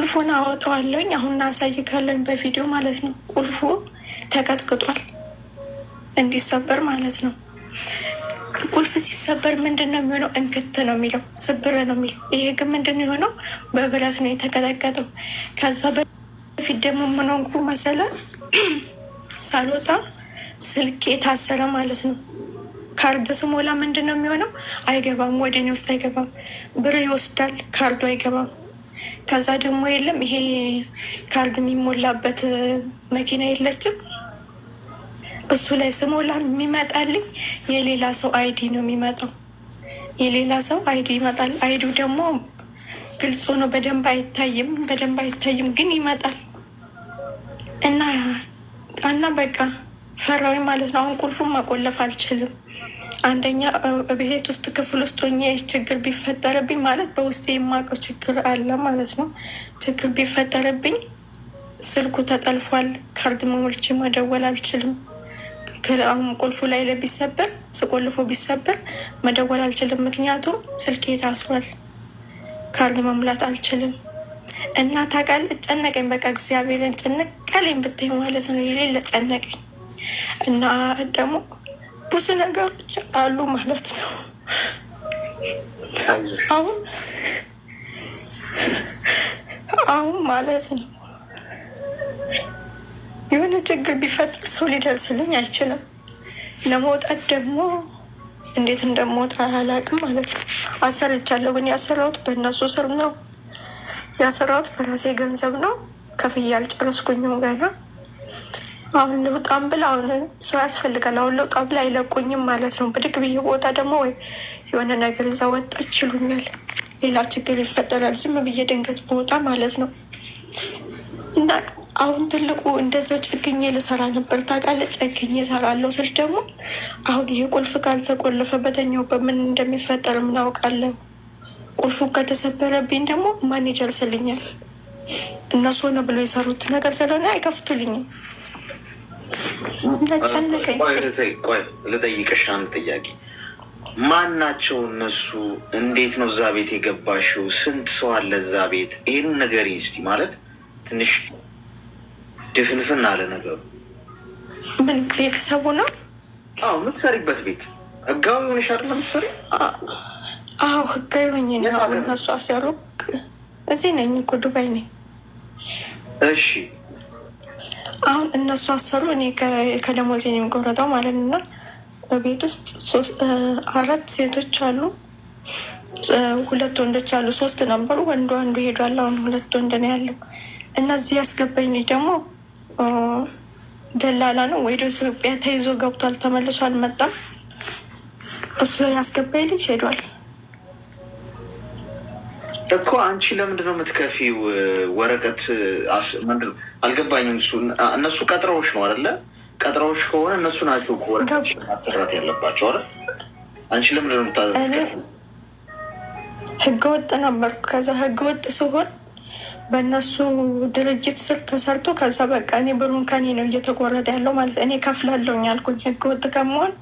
ቁልፉን አወጣዋለኝ አሁን አሳይካለኝ በቪዲዮ ማለት ነው። ቁልፉ ተቀጥቅጧል እንዲሰበር ማለት ነው። ቁልፍ ሲሰበር ምንድን ነው የሚሆነው? እንክት ነው የሚለው ስብር ነው የሚለው። ይሄ ግን ምንድን ነው የሆነው? በብረት ነው የተቀጠቀጠው። ከዛ በፊት ደግሞ ምንንኩ መሰለ ሳልወጣ ስልክ የታሰረ ማለት ነው። ካርድ ስሞላ ምንድን ነው የሚሆነው? አይገባም፣ ወደኔ ውስጥ አይገባም። ብር ይወስዳል፣ ካርዱ አይገባም። ከዛ ደግሞ የለም ይሄ ካልድ የሚሞላበት መኪና የለችም። እሱ ላይ ስሞላ የሚመጣልኝ የሌላ ሰው አይዲ ነው የሚመጣው። የሌላ ሰው አይዲ ይመጣል። አይዲው ደግሞ ግልጽ ሆኖ በደንብ አይታይም፣ በደንብ አይታይም ግን ይመጣል እና እና በቃ ፈራዊ ማለት ነው። አሁን ቁልፉን ማቆለፍ አልችልም። አንደኛ ቤት ውስጥ ክፍል ውስጥ ሆኜ ችግር ቢፈጠርብኝ ማለት በውስጥ የማውቀው ችግር አለ ማለት ነው። ችግር ቢፈጠርብኝ ስልኩ ተጠልፏል፣ ካርድ ሞልቼ መደወል አልችልም። አሁን ቁልፉ ላይ ለቢሰበር ስቆልፎ ቢሰበር መደወል አልችልም፣ ምክንያቱም ስልኬ ታስሯል። ካርድ መሙላት አልችልም። እና ታውቃለህ፣ ጨነቀኝ። በቃ እግዚአብሔርን ጭንቅ ጨነቀለኝ ብትይ ማለት ነው። የሌለ ጨነቀኝ። እና ደግሞ ብዙ ነገሮች አሉ ማለት ነው። አሁን አሁን ማለት ነው የሆነ ችግር ቢፈጥር ሰው ሊደርስልኝ አይችልም። ለመውጣት ደግሞ እንዴት እንደምወጣ አላውቅም ማለት ነው። አሰርቻለሁ፣ ግን ያሰራሁት በእነሱ ስር ነው። ያሰራሁት በራሴ ገንዘብ ነው። ከፍዬ አልጨረስኩኝም ገና አሁን ልውጣም ብል አሁን ሰው ያስፈልጋል። አሁን ልውጣ ብል አይለቁኝም ማለት ነው። ብድግ ብዬ ቦታ ደግሞ ወይ የሆነ ነገር እዛ ወጣ ይችሉኛል፣ ሌላ ችግር ይፈጠራል። ዝም ብዬ ድንገት ቦታ ማለት ነው። እና አሁን ትልቁ እንደዚያው ጨክኜ ልሰራ ነበር ታውቃለህ። ጨክኜ እሰራለሁ ስል ደግሞ አሁን ይህ ቁልፍ ካልተቆለፈ በተኛው በምን እንደሚፈጠር ምናውቃለሁ። ቁልፉ ከተሰበረብኝ ደግሞ ማን ይደርስልኛል? እነሱ ሆነ ብሎ የሰሩት ነገር ስለሆነ አይከፍቱልኝም። ልጠይቅሽ አንድ ጥያቄ። ማን ናቸው እነሱ? እንዴት ነው እዛ ቤት የገባሽው? ስንት ሰው አለ እዛ ቤት? ይህን ነገር እስቲ ማለት ትንሽ ድፍንፍን አለ ነገሩ። ምን ቤተሰቡ ነው? አዎ የምትሰሪበት ቤት ህጋዊ ሆነሽ አይደል የምትሰሪው? አዎ ህጋዊ ሆኜ ነው። እነሱ አሰሩ። እዚህ ነኝ እኮ ዱባይ ነኝ። እሺ አሁን እነሱ አሰሩ እኔ ከደሞዜ ነው የሚቆረጠው ማለት ነው። እና በቤት ውስጥ አራት ሴቶች አሉ፣ ሁለት ወንዶች አሉ። ሶስት ነበሩ፣ ወንዱ አንዱ ሄዷል። አሁን ሁለት ወንድ ነው ያለው። እነዚህ ያስገባኝ ደግሞ ደላላ ነው፣ ወደ ኢትዮጵያ ተይዞ ገብቷል፣ ተመልሶ አልመጣም። እሱ ያስገባኝ ልጅ ሄዷል። እኮ አንቺ ለምንድን ነው የምትከፊው? ወረቀት አልገባኝም። እሱ እነሱ ቀጥረዎች ነው አይደለ? ቀጥረዎች ከሆነ እነሱ ናቸው ወረቀት ማሰራት ያለባቸው አይደል? አንቺ ለምንድን ነው ምታ ህገ ወጥ ነበርኩ። ከዛ ህገ ወጥ ሲሆን በእነሱ ድርጅት ስር ተሰርቶ ከዛ በቃ እኔ ብሩን ከኔ ነው እየተቆረጠ ያለው ማለት እኔ ከፍላለሁኝ አልኩኝ። ወጥ ከመሆን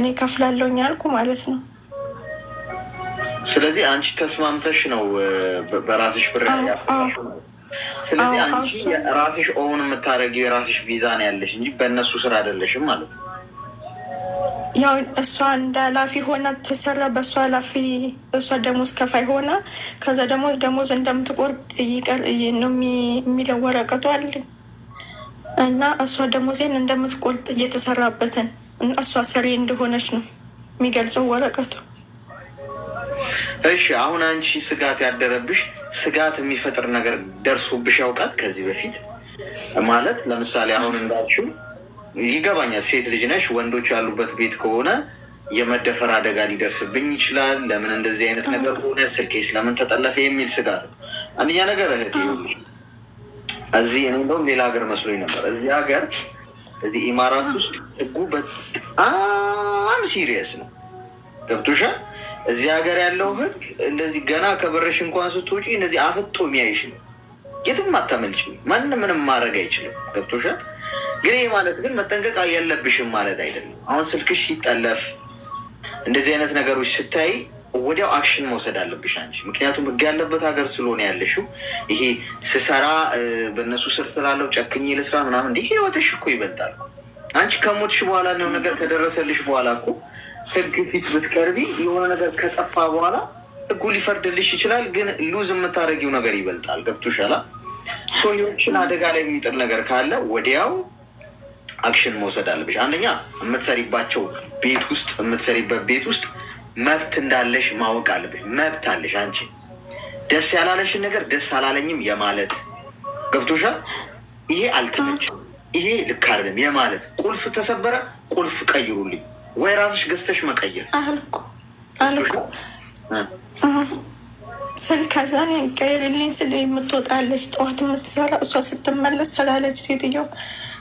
እኔ ከፍላለሁኝ አልኩ ማለት ነው። ስለዚህ አንቺ ተስማምተሽ ነው በራስሽ ብር ያፈራሽው። ስለዚህ አንቺ ራስሽ ኦውን የምታደርጊው የራስሽ ቪዛ ነው ያለሽ እንጂ በእነሱ ስራ አይደለሽም ማለት ነው። ያው እሷ እንደ ኃላፊ ሆና ተሰራ በእሷ ኃላፊ እሷ ደሞዝ ከፋይ ሆና ከዛ ደግሞ ደሞዝ እንደምትቆርጥ ይቀር ነው የሚለው ወረቀቱ አለ እና እሷ ደሞዜን እንደምትቆርጥ እየተሰራበትን እሷ ሰሪ እንደሆነች ነው የሚገልጸው ወረቀቱ። እሺ አሁን አንቺ ስጋት ያደረብሽ ስጋት የሚፈጥር ነገር ደርሶብሽ ያውቃል ከዚህ በፊት ማለት ለምሳሌ አሁን እንዳልሽው ይገባኛል። ሴት ልጅ ነሽ፣ ወንዶች ያሉበት ቤት ከሆነ የመደፈር አደጋ ሊደርስብኝ ይችላል፣ ለምን እንደዚህ አይነት ነገር ሆነ፣ ስልኬስ ለምን ተጠለፈ የሚል ስጋት ነው። አንደኛ ነገር እህት እዚህ እኔ እንደውም ሌላ ሀገር መስሎኝ ነበር። እዚህ ሀገር እዚህ ኢማራት ውስጥ ህጉ በጣም ሲሪየስ ነው። ገብቶሻል እዚህ ሀገር ያለው ህግ እንደዚህ ገና ከበረሽ እንኳን ስትውጪ እንደዚህ አፍጦ የሚያይሽ ነው። የትም አታመልጭ። ማንም ምንም ማድረግ አይችልም። ገብቶሻል። ግን ይህ ማለት ግን መጠንቀቅ የለብሽም ማለት አይደለም። አሁን ስልክሽ ሲጠለፍ እንደዚህ አይነት ነገሮች ስታይ ወዲያው አክሽን መውሰድ አለብሽ አንቺ። ምክንያቱም ህግ ያለበት ሀገር ስለሆነ ያለሽው ይሄ ስሰራ በእነሱ ስር ስላለው ጨክኝ ልስራ ምናምን እንዲህ ህይወትሽ እኮ ይበልጣል። አንቺ ከሞትሽ በኋላ ነው ነገር ከደረሰልሽ በኋላ እኮ ህግ ፊት ብትቀርቢ የሆነ ነገር ከጠፋ በኋላ ህጉ ሊፈርድልሽ ይችላል፣ ግን ሉዝ የምታደረጊው ነገር ይበልጣል። ገብቶሻል? ሰዎችን አደጋ ላይ የሚጥል ነገር ካለ ወዲያው አክሽን መውሰድ አለብሽ። አንደኛ የምትሰሪባቸው ቤት ውስጥ የምትሰሪበት ቤት ውስጥ መብት እንዳለሽ ማወቅ አለብሽ። መብት አለሽ አንቺ ደስ ያላለሽን ነገር ደስ አላለኝም የማለት ገብቶሻል? ይሄ አልተመቸኝም፣ ይሄ ልክ አይደለም የማለት ቁልፍ ተሰበረ፣ ቁልፍ ቀይሩልኝ ወይ ራስሽ ገዝተሽ መቀየር አልኩ አልኩ። ስልክ አዛን ቀየርልኝ ስል የምትወጣለች ጠዋት የምትሰራ እሷ ስትመለስ ስላለች ሴትየው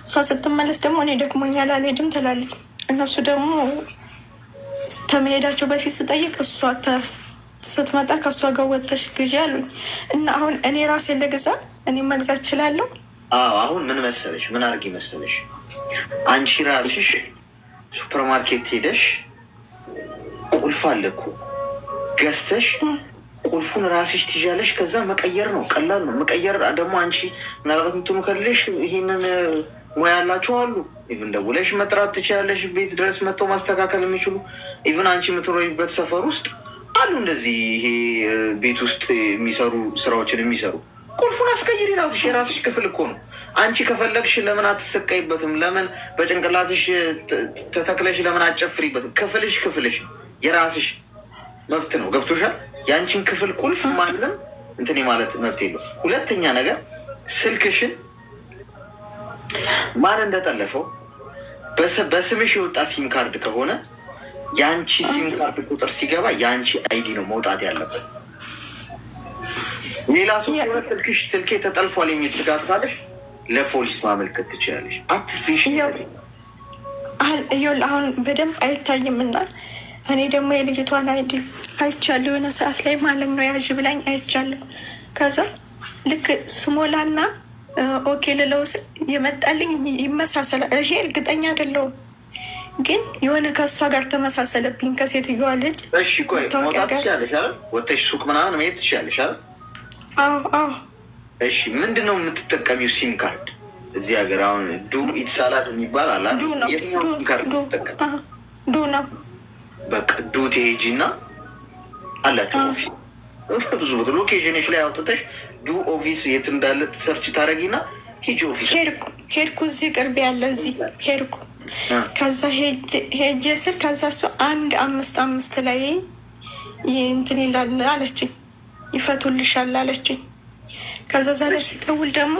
እሷ ስትመለስ ደግሞ እኔ ደክሞኛል አልሄድም ትላለች። እነሱ ደግሞ ከመሄዳቸው በፊት ስጠይቅ እሷ ስትመጣ ከእሷ ጋር ወጥተሽ ግዢ አሉኝ እና አሁን እኔ ራሴ ልግዛ፣ እኔ መግዛት እችላለሁ። አሁን ምን መሰለሽ፣ ምን አድርጊ መሰለሽ አንቺ ራስሽ ሱፐርማርኬት ሄደሽ ቁልፍ አለ እኮ ገዝተሽ ቁልፉን ራስሽ ትይዣለሽ። ከዛ መቀየር ነው፣ ቀላል ነው መቀየር። ደግሞ አንቺ ምናልባት እንትኑ ከሌለሽ ይህንን ሙያ ያላቸው አሉ። ኢቭን ደውለሽ መጥራት ትችላለሽ። ቤት ድረስ መጥተው ማስተካከል የሚችሉ ኢቭን አንቺ የምትኖሪበት ሰፈር ውስጥ አሉ። እንደዚህ ይሄ ቤት ውስጥ የሚሰሩ ስራዎችን የሚሰሩ ቁልፉን አስቀይሪ ራስሽ። የራስሽ ክፍል እኮ ነው። አንቺ ከፈለግሽ ለምን አትሰቀይበትም? ለምን በጭንቅላትሽ ተተክለሽ ለምን አጨፍሪበትም? ክፍልሽ ክፍልሽ የራስሽ መብት ነው። ገብቶሻል? የአንቺን ክፍል ቁልፍ ማንም እንትን ማለት መብት የለው። ሁለተኛ ነገር ስልክሽን ማን እንደጠለፈው በስምሽ የወጣ ሲም ካርድ ከሆነ የአንቺ ሲም ካርድ ቁጥር ሲገባ የአንቺ አይዲ ነው መውጣት ያለበት። ሌላ ሰው ሲሆን ስልክሽ ስልኬ ተጠልፏል የሚል ስጋት ካለሽ ለፖሊስ ማመልከት ትችላለሽ። አትሽ እየውልህ አሁን በደንብ አይታይም እና እኔ ደግሞ የልጅቷን አይዲ አይቻለሁ የሆነ ሰዓት ላይ ማለት ነው ያዥ ብላኝ አይቻለሁ። ከዛ ልክ ስሞላና ኦኬ ልለው የመጣልኝ ይመሳሰላል። ይሄ እርግጠኛ አይደለሁም ግን የሆነ ከእሷ ጋር ተመሳሰለብኝ ከሴትዮዋ ልጅ። ታወቂያ ጋር ወተሽ ሱቅ ምናምን መሄድ ትችላለሽ አይደል? እሺ፣ ምንድን ነው የምትጠቀሚው ሲም ካርድ? እዚህ ሀገር አሁን ዱ ኢትሳላት የሚባል አላት። ዱ ነው። በቃ ዱ ትሄጂ እና አላቸው ብዙ ቦታ ሎኬሽኖች ላይ አውጥተሽ ዱ ኦፊስ የት እንዳለ ሰርች ታደረጊ ና ሂጂ ኦፊስ። ሄድኩ ሄድኩ፣ እዚህ ቅርብ ያለ እዚህ ሄድኩ። ከዛ ሄጄ ስል ከዛ እሱ አንድ አምስት አምስት ላይ እንትን ይላል አለችኝ ይፈቱልሻል አለችኝ። ከዛ ዛሬ ሲደውል ደግሞ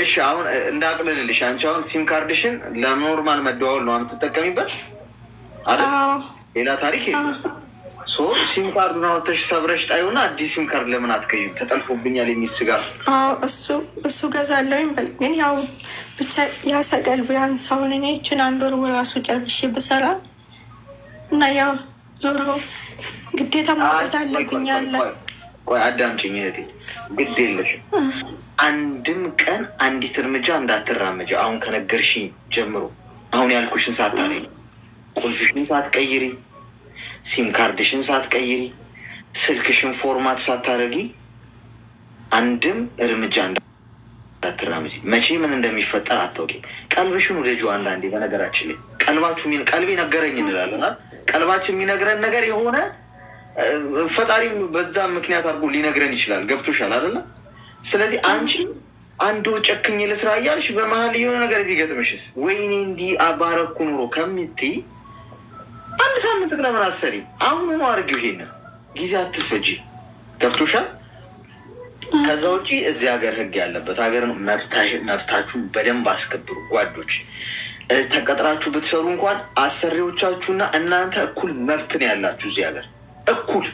እሺ አሁን እንዳቅልልልሽ አንቺ አሁን ሲም ካርድሽን ለኖርማል መደዋወል ነው የምትጠቀሚበት አለ ሌላ ታሪክ ሶ ሲም ካርድ ናወተሽ ሰብረሽ ጣዩና አዲስ ሲም ካርድ ለምን አትቀይም? ተጠልፎብኛል የሚል ስጋ እሱ እሱ ገዛለሁኝ በል ግን ያው ብቻ ያሰቀል ቢያንስ አሁን እኔ ይችን አንድ ወር ራሱ ጨርሼ ብሰራ እና ያው ዞሮ ግዴታ ማውጣት አለብኝ አለ። ቆይ አዳምጪኝ እህቴ፣ ግድ የለሽም አንድም ቀን አንዲት እርምጃ እንዳትራመጂ። አሁን ከነገርሽኝ ጀምሮ አሁን ያልኩሽን ሳታረጊ፣ ቁልፍሽን ሳትቀይሪ፣ ሲም ካርድሽን ሳትቀይሪ፣ ስልክሽን ፎርማት ሳታረጊ አንድም እርምጃ እንዳትራመጂ። መቼ ምን እንደሚፈጠር አታውቂ። ቀልብሽን ወደ ጁ አንዳንዴ በነገራችን ላይ ቀልባችሁ ቀልቤ ነገረኝ እንላለና ቀልባችሁ የሚነግረን ነገር የሆነ ፈጣሪ በዛ ምክንያት አድርጎ ሊነግረን ይችላል። ገብቶሻል አይደለ? ስለዚህ አንቺ አንዱ ጨክኝ ልስራ እያልሽ በመሀል የሆነ ነገር ቢገጥምሽስ ወይኔ እንዲህ አባረኩ ኑሮ ከምትይ አንድ ሳምንት ለምን አሰሪ አሁኑ ነው አድርጊው። ይሄን ጊዜ አትፈጂ። ገብቶሻል? ከዛ ውጪ እዚህ ሀገር ህግ ያለበት ሀገር ነው። መብታችሁ በደንብ አስከብሩ ጓዶች። ተቀጥራችሁ ብትሰሩ እንኳን አሰሪዎቻችሁና እናንተ እኩል መብት ነው ያላችሁ እዚህ ሀገር እኩል።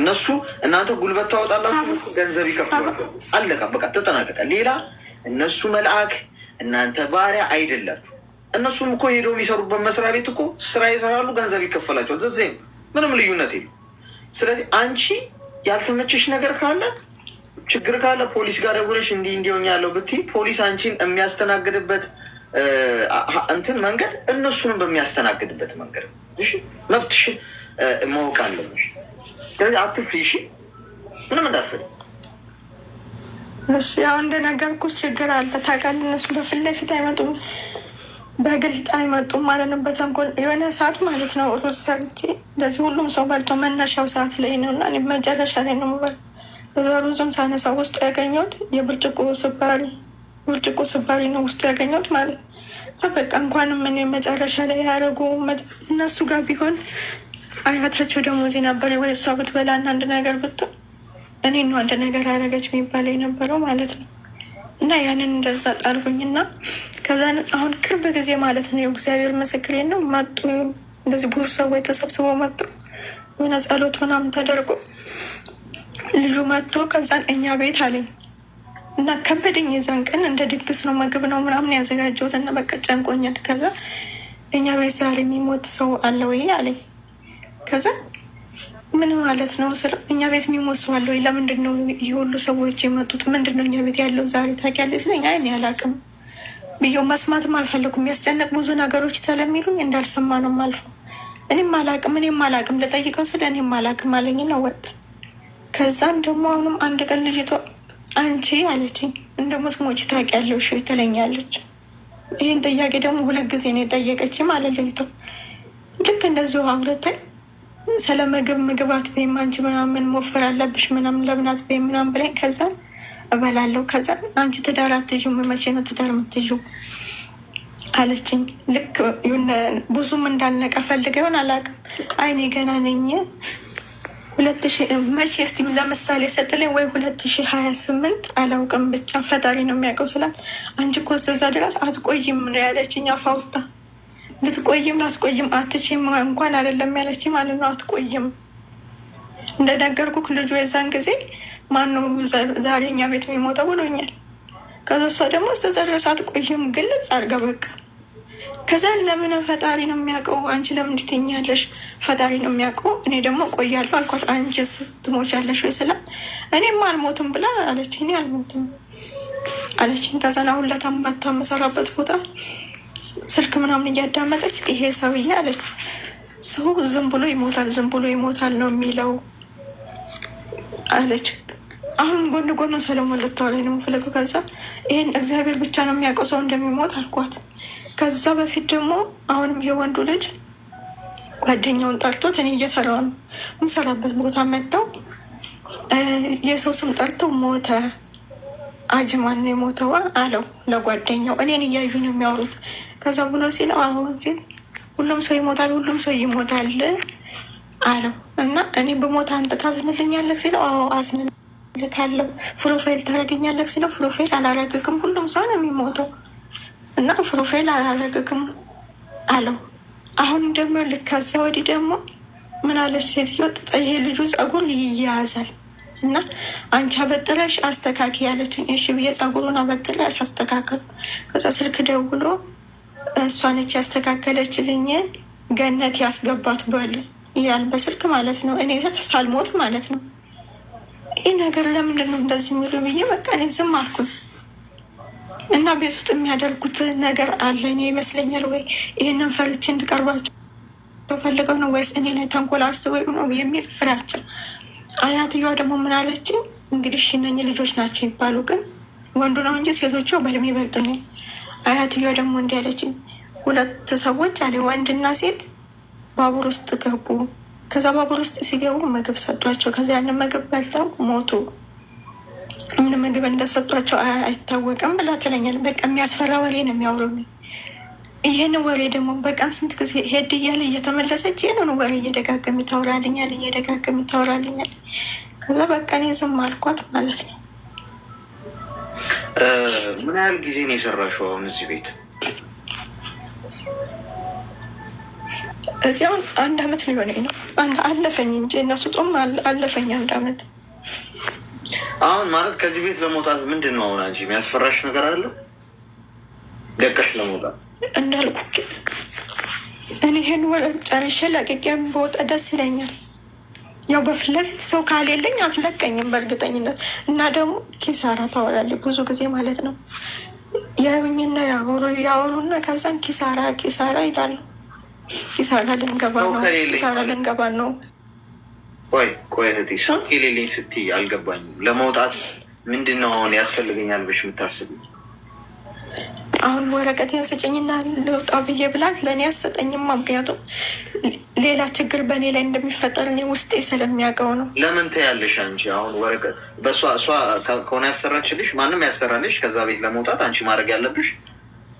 እነሱ እናንተ ጉልበት ታወጣላችሁ፣ ገንዘብ ይከፍሏቸው። አለቃ በቃ ተጠናቀቀ። ሌላ እነሱ መልአክ እናንተ ባሪያ አይደላችሁ። እነሱም እኮ ሄደው የሚሰሩበት መስሪያ ቤት እኮ ስራ ይሰራሉ፣ ገንዘብ ይከፈላቸዋል። ዘዜ ምንም ልዩነት የለም። ስለዚህ አንቺ ያልተመቸሽ ነገር ካለ ችግር ካለ ፖሊስ ጋር ደውለሽ እንዲህ እንዲሆን ያለው ብትይ ፖሊስ አንቺን የሚያስተናግድበት እንትን መንገድ እነሱንም በሚያስተናግድበት መንገድ መብትሽ ማወቅ አለብሽ። ስለዚህ አትፍሪ፣ እሺ፣ ምንም እንዳትፈሪ። እሱ ያው እንደነገርኩሽ ችግር አለ ታውቃለህ። እነሱ በፊት ለፊት አይመጡም፣ በግልጽ አይመጡም ማለት ነው። በተንኮል የሆነ ሰዓት ማለት ነው ሩዝ ሰርቼ እንደዚህ ሁሉም ሰው በልቶ መነሻው ሰዓት ላይ ነው እና መጨረሻ ላይ ነው የምበላው። እዛ ሩዙም ሳነሳ ውስጡ ያገኘሁት የብርጭቆ ስባሪ ብርጭቆ ስባሪ ነው ውስጡ ያገኘሁት ማለት ነው በቃ እንኳንም ምን መጨረሻ ላይ ያደረጉ እነሱ ጋር ቢሆን አያታቸው ደግሞ ዜና ነበር ወይ እሷ ብትበላ እና አንድ ነገር ብትሆን እኔ ነው አንድ ነገር አደረገች የሚባለው የነበረው ማለት ነው። እና ያንን እንደዛ ጣልኩኝ እና ከዛ አሁን ቅርብ ጊዜ ማለት ነው እግዚአብሔር ምስክሬ ነው መጡ። እንደዚህ ብዙ ሰዎች ተሰብስበው መጡ። የሆነ ጸሎት ምናምን ተደርጎ ልጁ መጥቶ ከዛን እኛ ቤት አለኝ እና ከበደኝ። የዛን ቀን እንደ ድግስ ነው ምግብ ነው ምናምን ያዘጋጀሁት እና በቃ ጨንቆኛል። ከዛ እኛ ቤት ዛሬ የሚሞት ሰው አለ ወይ አለኝ። ከዛ ምን ማለት ነው ስለው እኛ ቤት የሚሞት ሰው አለ ወይ? ለምንድን ነው የሁሉ ሰዎች የመጡት? ምንድን ነው እኛ ቤት ያለው ዛሬ ታውቂያለሽ ስለኝ እኔ አላውቅም ብየው መስማትም አልፈለኩም። የሚያስጨነቅ ብዙ ነገሮች ስለሚሉኝ እንዳልሰማ ነው የማልፈው። እኔም አላውቅም እኔም አላውቅም ልጠይቀው ስለ እኔም አላውቅም ነው ወጣ። ከዛም ደግሞ አሁንም አንድ ቀን ልጅቷ አንቺ አለችኝ እንደሞት ታውቂያለሽ ትለኛለች። ይህን ጥያቄ ደግሞ ሁለት ጊዜ ነው የጠየቀች ማለት ለይቶ ልክ እንደዚሁ አሁለታይ ስለ ምግብ ምግባት አትበይም አንቺ ምናምን ሞፈር አለብሽ ምናምን ለምናት አትበይም ምናምን ብለኝ ከዛ እበላለሁ ከዛ አንቺ ትዳር አትይዥም መቼ ነው ትዳር የምትይዥው አለችኝ። ልክ ብዙም እንዳልነቀ ፈልገ ይሆን አላውቅም። አይኔ ገና ነኝ ሁለት መቼ እስቲ ለምሳሌ ሰጥላይ ወይ ሁለት ሺ ሀያ ስምንት አላውቅም ብቻ ፈጣሪ ነው የሚያውቀው ስላት፣ አንቺ እኮ እስከዛ ድረስ አትቆይም ነው ያለችኝ። አፋውታ ልትቆይም ላትቆይም አትችም እንኳን አይደለም ያለች ማለት ነው። አትቆይም እንደነገርኩክ ልጁ የዛን ጊዜ ማነው ዛሬ እኛ ቤት የሚሞተው ብሎኛል። ከዛ እሷ ደግሞ እስከዛ ድረስ አትቆይም ግልጽ አድርጋ በቃ ከዛ ለምን ፈጣሪ ነው የሚያውቀው አንቺ ለምን ፈጣሪ ነው የሚያውቀው። እኔ ደግሞ ቆያለሁ አልኳት። አንቺ ትሞቻለሽ ወይ ስላት እኔም አልሞትም ብላ አለች። እኔ አልሞትም አለችኝ። ከዛን አሁን ለታማታ መሰራበት ቦታ ስልክ ምናምን እያዳመጠች ይሄ ሰውዬ አለች ሰው ዝም ብሎ ይሞታል፣ ዝም ብሎ ይሞታል ነው የሚለው አለች። አሁን ጎን ጎን ሰለሞን ልታወላይ ነው የምፈለገው። ከዛ ይህን እግዚአብሔር ብቻ ነው የሚያውቀው ሰው እንደሚሞት አልኳት። ከዛ በፊት ደግሞ አሁንም ይሄ ወንዱ ልጅ ጓደኛውን ጠርቶት እኔ እየሰራው ነው የምሰራበት ቦታ መጥተው የሰው ስም ጠርተው ሞተ አጅማን ነው የሞተው አለው ለጓደኛው። እኔን እያዩ ነው የሚያወሩት። ከዛ ብሎ ሲል አሁን ሲል ሁሉም ሰው ይሞታል፣ ሁሉም ሰው ይሞታል አለው እና እኔ በሞታ አንተ ታዝንልኛለህ ሲለው አዎ አዝንልካለሁ። ፕሮፋይል ታደርገኛለህ ሲለው ፕሮፋይል አላረግክም፣ ሁሉም ሰው ነው የሚሞተው እና ፕሮፋይል አላረግክም አለው። አሁንም ደግሞ ልክ ከዛ ወዲህ ደግሞ ምን አለች ሴትዮዋ፣ ይሄ ልጁ ጸጉር ይያያዛል እና አንቺ አበጥረሽ አስተካክ ያለችን፣ እሺ ብዬ ጸጉሩን አበጥረ አስተካከሉ። ከዛ ስልክ ደውሎ እሷነች ያስተካከለችልኝ ገነት ያስገባት በል ይላል በስልክ ማለት ነው። እኔ ሳልሞት ማለት ነው። ይህ ነገር ለምንድን ነው እንደዚህ የሚሉ ብዬ በቃ እኔ ዝም አልኩኝ። እና ቤት ውስጥ የሚያደርጉት ነገር አለ። እኔ ይመስለኛል ወይ ይህንን ፈልቼ እንድቀርባቸው ፈልገው ነው ወይስ እኔ ላይ ተንኮል አስበው ነው የሚል ፍራቸው። አያትየዋ ደግሞ ምን አለች? እንግዲህ ሽነኝ ልጆች ናቸው ይባሉ፣ ግን ወንዱ ነው እንጂ ሴቶቹ በእድሜ ነው። አያትየዋ ደግሞ እንዲህ አለችኝ፣ ሁለት ሰዎች አለ ወንድና ሴት ባቡር ውስጥ ገቡ። ከዛ ባቡር ውስጥ ሲገቡ ምግብ ሰጧቸው። ከዚያ ያንን ምግብ በልተው ሞቱ። ምን ምግብ እንደሰጧቸው አይታወቅም ብላ ትለኛል። በቃ የሚያስፈራ ወሬ ነው የሚያወሩኝ። ይህን ወሬ ደግሞ በቀን ስንት ጊዜ ሄድ እያለ እየተመለሰች ይህንን ወሬ እየደጋገም ይታወራልኛል፣ እየደጋገም ይታወራልኛል። ከዛ በቃ እኔ ዝም አልኳት ማለት ነው። ምን ያህል ጊዜ ነው የሰራሽው አሁን እዚህ ቤት? እዚያውን አንድ አመት ሊሆነኝ ነው። አለፈኝ እንጂ እነሱ ጾም አለፈኝ አንድ አመት አሁን ማለት ከዚህ ቤት ለመውጣት ምንድን ነው አሁን አንቺ የሚያስፈራሽ ነገር አለ? ደቀሽ ለመውጣት እንዳልኩ እኔ ይህን ጨርሼ ለቅቄም በወጣ ደስ ይለኛል። ያው በፊት ለፊት ሰው ካሌለኝ አትለቀኝም በእርግጠኝነት እና ደግሞ ኪሳራ ታወላለች ብዙ ጊዜ ማለት ነው። ያዩኝና ያወሩ ያወሩና ከዛን ኪሳራ ኪሳራ ይላሉ። ኪሳራ ልንገባ ነው፣ ኪሳራ ልንገባ ነው ቆይ ቆይ እህቴ ሰው የሌለኝ ስትይ አልገባኝም። ለመውጣት ምንድን ነው አሁን ያስፈልገኛል ብሽ የምታስብ? አሁን ወረቀቴን ስጭኝና ልውጣ ብዬ ብላት ለእኔ አሰጠኝም። ምክንያቱም ሌላ ችግር በእኔ ላይ እንደሚፈጠር እኔ ውስጤ ስለሚያውቀው ነው። ለምን ትያለሽ አንቺ? አሁን ወረቀት በእሷ እሷ ከሆነ ያሰራችልሽ ማንም ያሰራልሽ። ከዛ ቤት ለመውጣት አንቺ ማድረግ ያለብሽ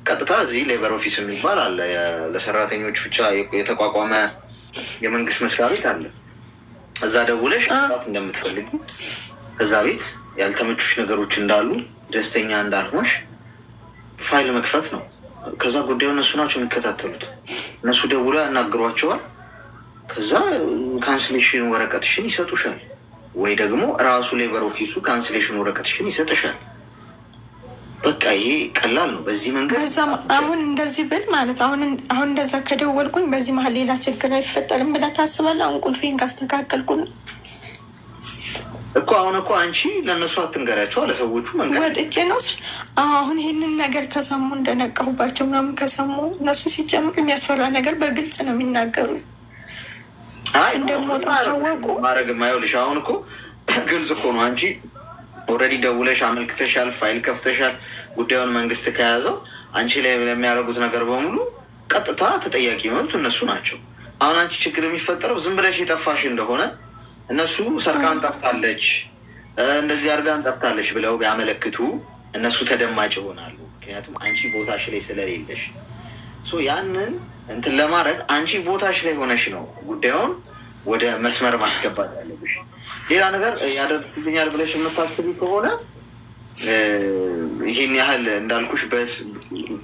ቀጥታ እዚህ ሌበር ኦፊስ የሚባል አለ፣ ለሰራተኞች ብቻ የተቋቋመ የመንግስት መስሪያ ቤት አለ እዛ ደውለሽ ት እንደምትፈልጉ ከዛ ቤት ያልተመቹሽ ነገሮች እንዳሉ ደስተኛ እንዳልሆንሽ ፋይል መክፈት ነው። ከዛ ጉዳዩ እነሱ ናቸው የሚከታተሉት። እነሱ ደውለው ያናግሯቸዋል። ከዛ ካንስሌሽን ወረቀትሽን ይሰጡሻል፣ ወይ ደግሞ ራሱ ሌበር ኦፊሱ ካንስሌሽን ወረቀትሽን ይሰጥሻል። በቃ ይሄ ቀላል ነው። በዚህ መንገድ አሁን እንደዚህ ብል ማለት አሁን አሁን እንደዛ ከደወልኩኝ በዚህ መሀል ሌላ ችግር አይፈጠርም ብለህ ታስባለህ? አሁን ቁልፌን ካስተካከልኩኝ እኮ አሁን እኮ አንቺ ለእነሱ አትንገሪያቸው ለሰዎቹ መንገድ ወጥቼ ነው አሁን ይህንን ነገር ከሰሙ እንደነቀሁባቸው ምናምን ከሰሙ እነሱ ሲጨምር የሚያስፈራ ነገር በግልጽ ነው የሚናገሩ እንደሞጣ ታወቁ ማድረግ ማየው የማይሆንልሽ አሁን እኮ ግልጽ እኮ ነው አንቺ ኦልሬዲ ደውለሽ አመልክተሻል፣ ፋይል ከፍተሻል። ጉዳዩን መንግስት ከያዘው አንቺ ላይ ለሚያደርጉት ነገር በሙሉ ቀጥታ ተጠያቂ የሆኑት እነሱ ናቸው። አሁን አንቺ ችግር የሚፈጠረው ዝም ብለሽ የጠፋሽ እንደሆነ እነሱ ሰርካን ጠፍታለች፣ እንደዚህ አድርጋን ጠፍታለች ብለው ቢያመለክቱ እነሱ ተደማጭ ይሆናሉ። ምክንያቱም አንቺ ቦታሽ ላይ ስለሌለሽ ያንን እንትን ለማድረግ አንቺ ቦታሽ ላይ ሆነሽ ነው ጉዳዩን ወደ መስመር ማስገባት ያለብሽ። ሌላ ነገር ያደርግልኛል ብለሽ የምታስቢ ከሆነ ይህን ያህል እንዳልኩሽ በስ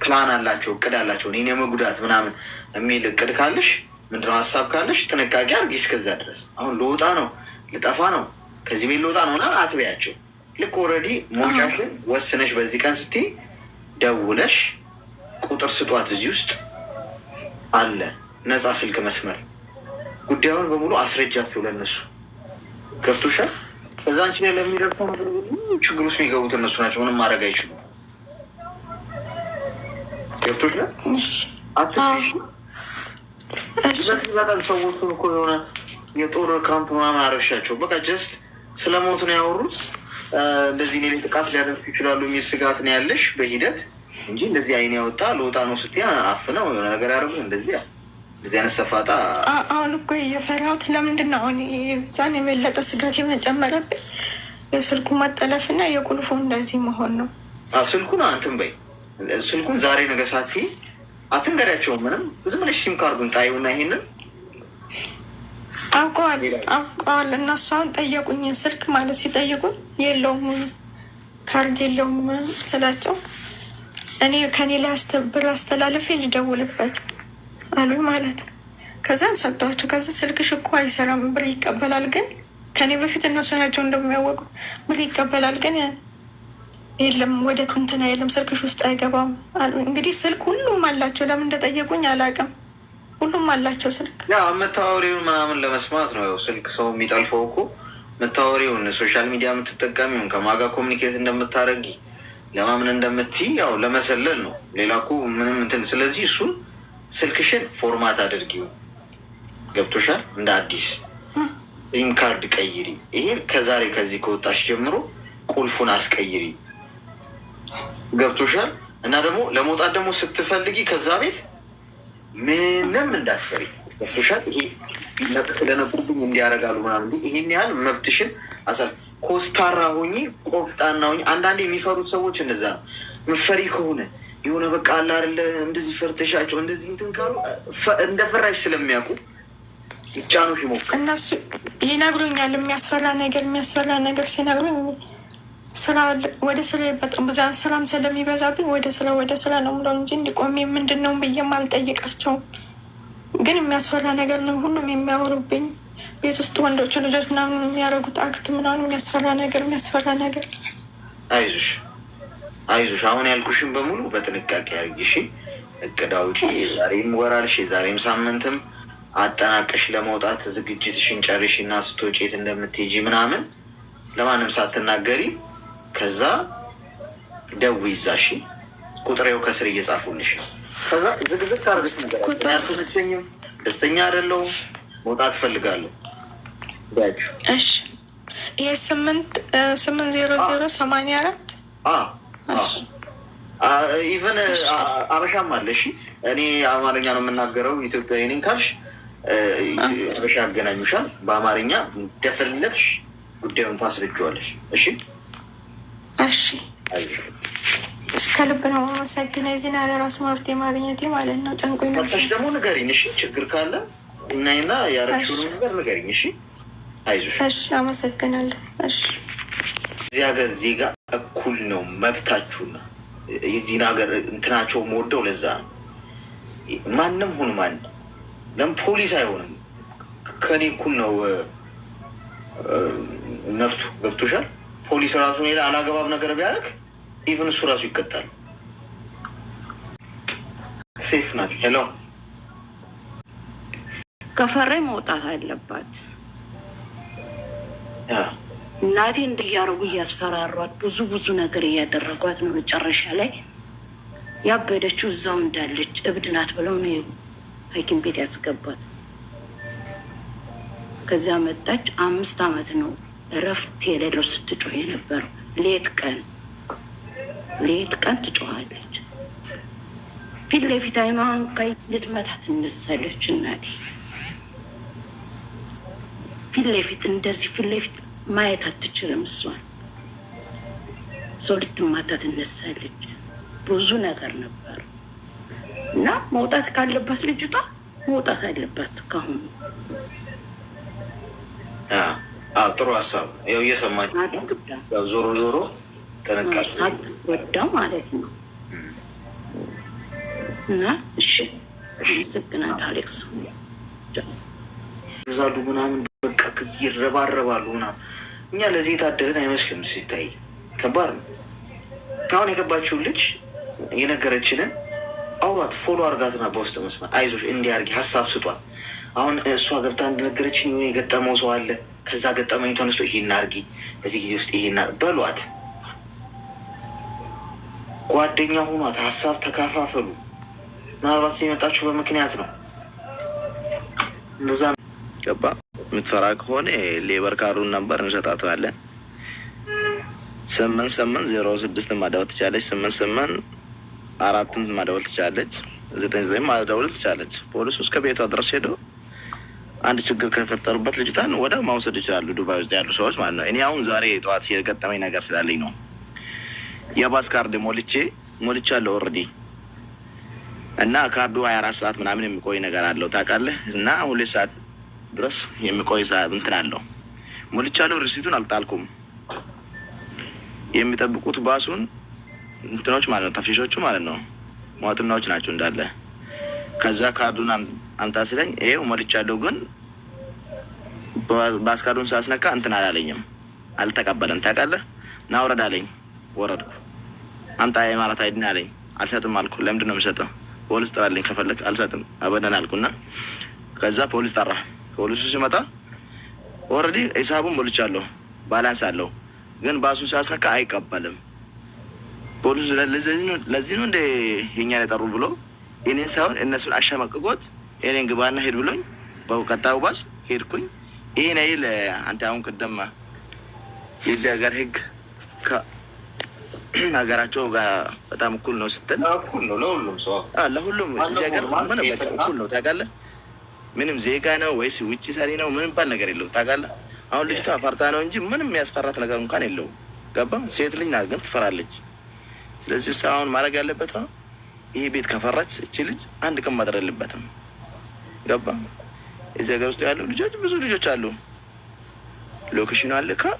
ፕላን አላቸው እቅድ አላቸው እኔን የመጉዳት ምናምን የሚል እቅድ ካለሽ ምንድነው ሀሳብ ካለሽ ጥንቃቄ አድርጊ። እስከዛ ድረስ አሁን ልወጣ ነው ልጠፋ ነው ከዚህ ቤት ልወጣ ነው ና አትበያቸው። ልክ ኦልሬዲ መውጫሽን ወስነሽ በዚህ ቀን ስትይ ደውለሽ ቁጥር ስጧት እዚህ ውስጥ አለ ነፃ ስልክ መስመር ጉዳዩን በሙሉ አስረጃቸው ለነሱ ገብቶሻል። እዛ አንቺ ላይ ለሚደርሰው ነገር ችግር ውስጥ የሚገቡት እነሱ ናቸው። ምንም ማድረግ አይችሉም። ገብቶሻል። በጣም እኮ የሆነ የጦር ካምፕ ምናምን አረሻቸው። በቃ ጀስት ስለ ሞት ነው ያወሩት። እንደዚህ እኔ ላይ ጥቃት ሊያደርሱ ይችላሉ የሚል ስጋት ነው ያለሽ በሂደት እንጂ እንደዚህ አይን ያወጣ ለወጣ ነው ስትይ አፍነው የሆነ ነገር ያደርጉ እንደዚህ እዚህ አይነት ሰፋጣ አሁን እኮ የፈራሁት ለምንድን ነው? አሁን እዛን የበለጠ ስጋት የመጨመረብኝ የስልኩ መጠለፍ መጠለፍና የቁልፉ እንደዚህ መሆን ነው። ስልኩን አንትን በይ ስልኩን ዛሬ ነገ ሳት አትንገሪያቸው። ምንም ዝም ብለሽ ሲም ካርዱን ጣይውና ይሄንን አውቀዋል አውቀዋል። እነሱ አሁን ጠየቁኝ፣ ስልክ ማለት ሲጠይቁኝ የለውም ካርድ የለውም ስላቸው እኔ ከኔ ላይ ብር አስተላልፌ ልደውልበት አሉ ማለት ከዛ ሰጠዋቸው። ከዚ ስልክሽ እኮ አይሰራም ብር ይቀበላል፣ ግን ከኔ በፊት እነሱ ናቸው እንደሚያወቁት ብር ይቀበላል፣ ግን የለም ወደ ትንትና የለም ስልክሽ ውስጥ አይገባም አሉ። እንግዲህ ስልክ ሁሉም አላቸው። ለምን እንደጠየቁኝ አላውቅም። ሁሉም አላቸው ስልክ። መተዋወሪውን ምናምን ለመስማት ነው ስልክ ሰው የሚጠልፈው እኮ መተዋወሪውን፣ ሶሻል ሚዲያ የምትጠቀሚውን ከማጋ ኮሚኒኬት እንደምታደርጊ ለማምን እንደምትይ ያው ለመሰለል ነው። ሌላ እኮ ምንም እንትን ስለዚህ እሱን ስልክሽን ፎርማት አድርጊው። ገብቶሻል? እንደ አዲስ ሲም ካርድ ቀይሪ። ይሄን ከዛሬ ከዚህ ከወጣሽ ጀምሮ ቁልፉን አስቀይሪ። ገብቶሻል? እና ደግሞ ለመውጣት ደግሞ ስትፈልጊ ከዛ ቤት ምንም እንዳትፈሪ። ገብቶሻል? ይሄ ስለነበሩብኝ እንዲያደርጋሉ ምናምን ይሄን ያህል መብትሽን አሳ ኮስታራ ሆኜ ቆፍጣና ሆኜ አንዳንዴ የሚፈሩት ሰዎች እንደዛ ነው። ምፈሪ ከሆነ የሆነ በቃ አለ አይደለ እንደዚህ ፈርተሻቸው እንደዚህ እንትን ካሉ እንደ ፈራሽ ስለሚያውቁ ነው ይሞክራል። እነሱ ይነግሩኛል። የሚያስፈራ ነገር የሚያስፈራ ነገር ሲነግሩኝ ስራ ወደ ስራ በጣም ብዛት ስራም ስለሚበዛብኝ ወደ ስራ ወደ ስራ ነው ምለው እንጂ እንዲቆሜ ምንድን ነው ብዬም አልጠይቃቸውም። ግን የሚያስፈራ ነገር ነው ሁሉም የሚያወሩብኝ ቤት ውስጥ ወንዶች ልጆች ምናምን የሚያደርጉት አክት ምናምን የሚያስፈራ ነገር የሚያስፈራ ነገር አይዞሽ አይዞሽ አሁን ያልኩሽን በሙሉ በጥንቃቄ አድርጊ እሺ። እቅድ አውጪ። የዛሬም ወራልሽ የዛሬም ሳምንትም አጠናቀሽ ለመውጣት ዝግጅትሽን ጨርሽ እና ስትወጪ የት እንደምትሄጂ ምናምን ለማንም ሳትናገሪ ከዛ ደዊ እዛ ቁጥሬው ከስር እየጻፉልሽ ነው። ደስተኛ አደለው መውጣት እፈልጋለሁ። እሺ ይሄ ስምንት ስምንት ዜሮ ዜሮ ሰማንያ አራት ኢቨን አበሻም አለ። እሺ እኔ አማርኛ ነው የምናገረው ኢትዮጵያ ነኝ ካልሽ አበሻ ያገናኙሻል። በአማርኛ እንደፈለግሽ ጉዳዩን ታስረጅዋለሽ። እሺ እሺ። ከልብ ነው ነው የማመሰግነው። የዜና ራሱ መብት ማግኘቴ ማለት ነው። ጨንቆ ነው። ደግሞ ንገሪኝ፣ እሺ ችግር ካለ እናይና ያረግሽውን ነገር ንገሪኝ። እሺ አይዞሽ። እሺ አመሰግናለሁ። እሺ እዚህ ጋር እዚህ ጋር እኩል ነው መብታችሁና የዚህን ሀገር እንትናቸው መወደው ለዛ ነው። ማንም ሁን ማን ለም ፖሊስ አይሆንም? ከኔ እኩል ነው መብቱ። ገብቶሻል? ፖሊስ ራሱ ሌላ አላገባብ ነገር ቢያደርግ ኢቨን እሱ ራሱ ይቀጣል። ሴት ናት። ሄሎ ከፈሬ መውጣት አለባት። እናቴ እንዲያረጉ እያስፈራሯት ብዙ ብዙ ነገር እያደረጓት ነው። መጨረሻ ላይ ያበደችው እዛው እንዳለች እብድ ናት ብለው ነው ሐኪም ቤት ያስገባት። ከዚያ መጣች። አምስት ዓመት ነው እረፍት የሌለው ስትጮህ የነበረው። ሌት ቀን ሌት ቀን ትጮኋለች። ፊት ለፊት አይኗን ቀይ ልትመታ ትነሳለች እናቴ ፊት ለፊት እንደዚህ ፊት ለፊት ማየት አትችልም። እሷን ሰው ልትማታ ትነሳለች። ብዙ ነገር ነበር እና መውጣት ካለባት ልጅቷ መውጣት አለባት ካሁኑ። ጥሩ ሀሳብ ያው እየሰማኝ ዞሮ ዞሮ ጥንቃቄ ጎዳ ማለት ነው እና እሺ፣ ምስግናል አሌክስ ዛዱ ምናምን በቃ ይረባረባሉ ምናምን እኛ ለዚህ የታደልን አይመስልም ሲታይ ከባድ ነው። አሁን የገባችውን ልጅ የነገረችንን አውሯት፣ ፎሎ አርጋትና በውስጥ መስመር አይዞሽ እንዲያርጊ ሀሳብ ስጧል። አሁን እሷ ገብታ እንደነገረችን የሆነ የገጠመው ሰው አለ። ከዛ ገጠመኝ ተነስቶ ይሄን አርጊ፣ በዚህ ጊዜ ውስጥ ይሄን በሏት። ጓደኛ ሁኗት፣ ሀሳብ ተካፋፈሉ። ምናልባት የመጣችሁ በምክንያት ነው። ገባ የምትፈራ ከሆነ ሌበር ካርዱን ነበር እንሰጣታለን። ስምንት ስምንት ዜሮ ስድስት ማደወል ትቻለች። ስምንት ስምንት አራትን ማደወል ትቻለች። ዘጠኝ ዘጠኝ ማደወል ትቻለች። ፖሊሱ እስከ ቤቷ ድረስ ሄዶ አንድ ችግር ከፈጠሩበት ልጅቷን ወደ ማውሰድ ይችላሉ። ዱባይ ውስጥ ያሉ ሰዎች ማለት ነው። እኔ አሁን ዛሬ ጠዋት የገጠመኝ ነገር ስላለኝ ነው። የባስ ካርድ ሞልቼ ሞልቻለሁ ኦልሬዲ እና ካርዱ ሀያ አራት ሰዓት ምናምን የሚቆይ ነገር አለው ታውቃለህ። እና ሁሌ ሰዓት ድረስ የሚቆይ እንትን አለው። ሞልቻለሁ። ሪሲቱን አልጣልኩም። የሚጠብቁት ባሱን እንትኖች ማለት ነው፣ ተፍሺሾቹ ማለት ነው፣ ሟጥናዎች ናቸው እንዳለ። ከዛ ካርዱን አምጣ ሲለኝ ይኸው ሞልቻለሁ፣ ግን ባስ ካርዱን ሳስነካ እንትን አላለኝም፣ አልተቀበለም። ታውቃለህ ና ውረድ አለኝ። ወረድኩ። አምጣ የማለት አይድን አለኝ። አልሰጥም አልኩ። ለምንድን ነው የምሰጠው? ፖሊስ ጥራልኝ ከፈለግ አልሰጥም አበደን አልኩና ከዛ ፖሊስ ጠራ። ፖሊሱ ሲመጣ ኦልሬዲ ሂሳቡን ሞልቻለሁ፣ ባላንስ አለው፣ ግን ባሱን ሲያስነካ አይቀበልም። ፖሊሱ ለዚህ ነው እንደ የኛን የጠሩ ብሎ እኔን ሳይሆን እነሱን አሸማቅቆት እኔን ግባና ሄድ ብሎኝ በቀጣዩ ባስ ሄድኩኝ። ይህ ነይ ለአንተ አሁን ቅደም የዚህ ሀገር ህግ ሀገራቸው ጋር በጣም እኩል ነው ስትል ለሁሉም እዚህ ሀገር እኩል ነው ታውቃለህ። ምንም ዜጋ ነው ወይስ ውጭ ሰሪ ነው ምን ባል ነገር የለውም። ታውቃለህ፣ አሁን ልጅቷ ፈርታ ነው እንጂ ምንም የሚያስፈራት ነገር እንኳን የለውም። ገባ ሴት ልጅ ናት፣ ግን ትፈራለች። ስለዚህ እሷ አሁን ማድረግ ያለበት ይህ ቤት ከፈራች እቺ ልጅ አንድ ቀን ማድረግ የለበትም። ገባ እዚህ ሀገር ውስጥ ያሉ ልጆች ብዙ ልጆች አሉ። ሎኬሽኑ አለ